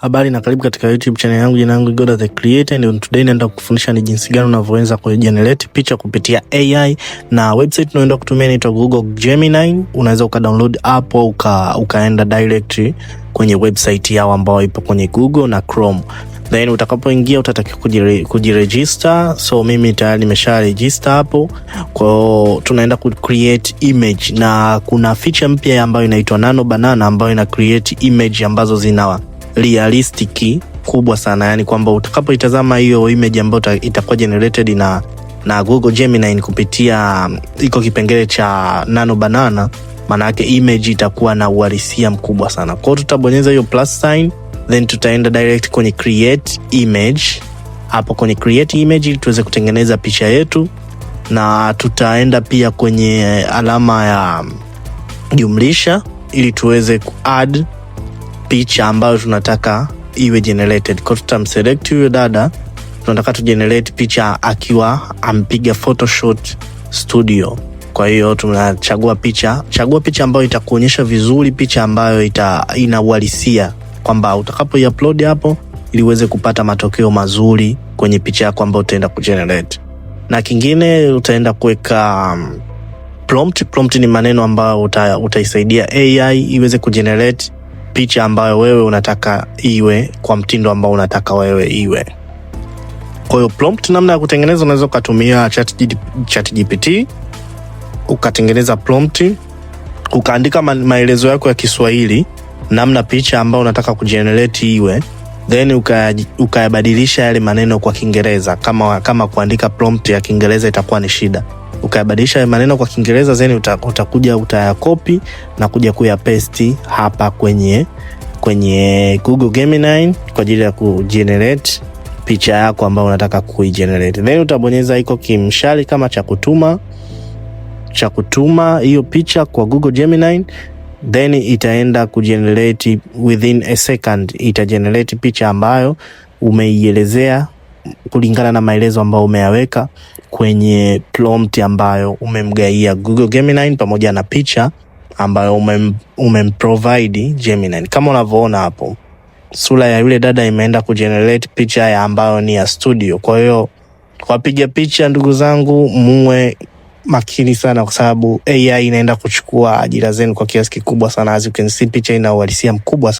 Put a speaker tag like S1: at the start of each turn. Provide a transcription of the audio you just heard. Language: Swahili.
S1: Habari na karibu katika YouTube channel yangu. Jina langu Goda the Creator, and today naenda kukufundisha ni jinsi gani unavyoweza ku generate picha kupitia AI, na website unaenda kutumia inaitwa Google Gemini. Unaweza uka download app au uka, ukaenda direct kwenye website yao ambayo ipo kwenye Google na Chrome then utakapoingia utatakiwa kujiregister. So mimi tayari nimesha register hapo kwa tunaenda ku create image, na kuna feature mpya ambayo inaitwa Nano Banana ambayo ina create image ambazo zinawa realistic kubwa sana, yani kwamba utakapoitazama hiyo image ambayo itakuwa generated na na Google Gemini kupitia um, iko kipengele cha nano banana, maana yake image itakuwa na uhalisia mkubwa sana. Kwa hiyo tutabonyeza hiyo plus sign, then tutaenda direct kwenye create image. Hapo kwenye create image ili tuweze kutengeneza picha yetu, na tutaenda pia kwenye eh, alama ya um, jumlisha ili tuweze ku add picha ambayo tunataka iwe generated. Kwa tutamselect huyo dada, tunataka tu generate picha akiwa ampiga Photoshop Studio. Kwa hiyo tunachagua picha, chagua picha ambayo itakuonyesha vizuri, picha ambayo ita, ina kwamba utakapo upload hapo ili uweze kupata matokeo mazuri kwenye picha yako ambayo utaenda kugenerate. Na kingine utaenda kuweka um, prompt. Prompt ni maneno ambayo utaisaidia uta, AI iweze kugenerate picha ambayo wewe unataka iwe kwa mtindo ambao unataka wewe iwe. Kwa hiyo prompt, namna ya kutengeneza, unaweza ukatumia ChatGPT ukatengeneza prompt ukaandika maelezo yako ya Kiswahili, namna picha ambayo unataka kujenerate iwe, then ukayabadilisha yale maneno kwa Kiingereza. Kama, kama kuandika prompt ya Kiingereza itakuwa ni shida, ukayabadilisha maneno kwa Kiingereza then utakuja utayakopi na kuja kuyapesti hapa kwenye kwenye Google Gemini kwa ajili ya kugenerate picha yako ambayo unataka kuigenerate, then utabonyeza iko kimshale kama cha kutuma cha kutuma hiyo picha kwa Google Gemini, then itaenda kugenerate within a second, itagenerate picha ambayo umeielezea kulingana na maelezo ambayo umeyaweka kwenye prompt ambayo umemgaia Google Gemini pamoja na picha ambayo umem, umemprovide Gemini. Kama unavyoona hapo, sura ya yule dada imeenda kugenerate picha ya ambayo ni ya studio. Kwa hiyo wapiga picha, ndugu zangu, muwe makini sana, kwa sababu AI inaenda kuchukua ajira zenu kwa kiasi kikubwa sana. As you can see, picha ina uhalisia mkubwa sana.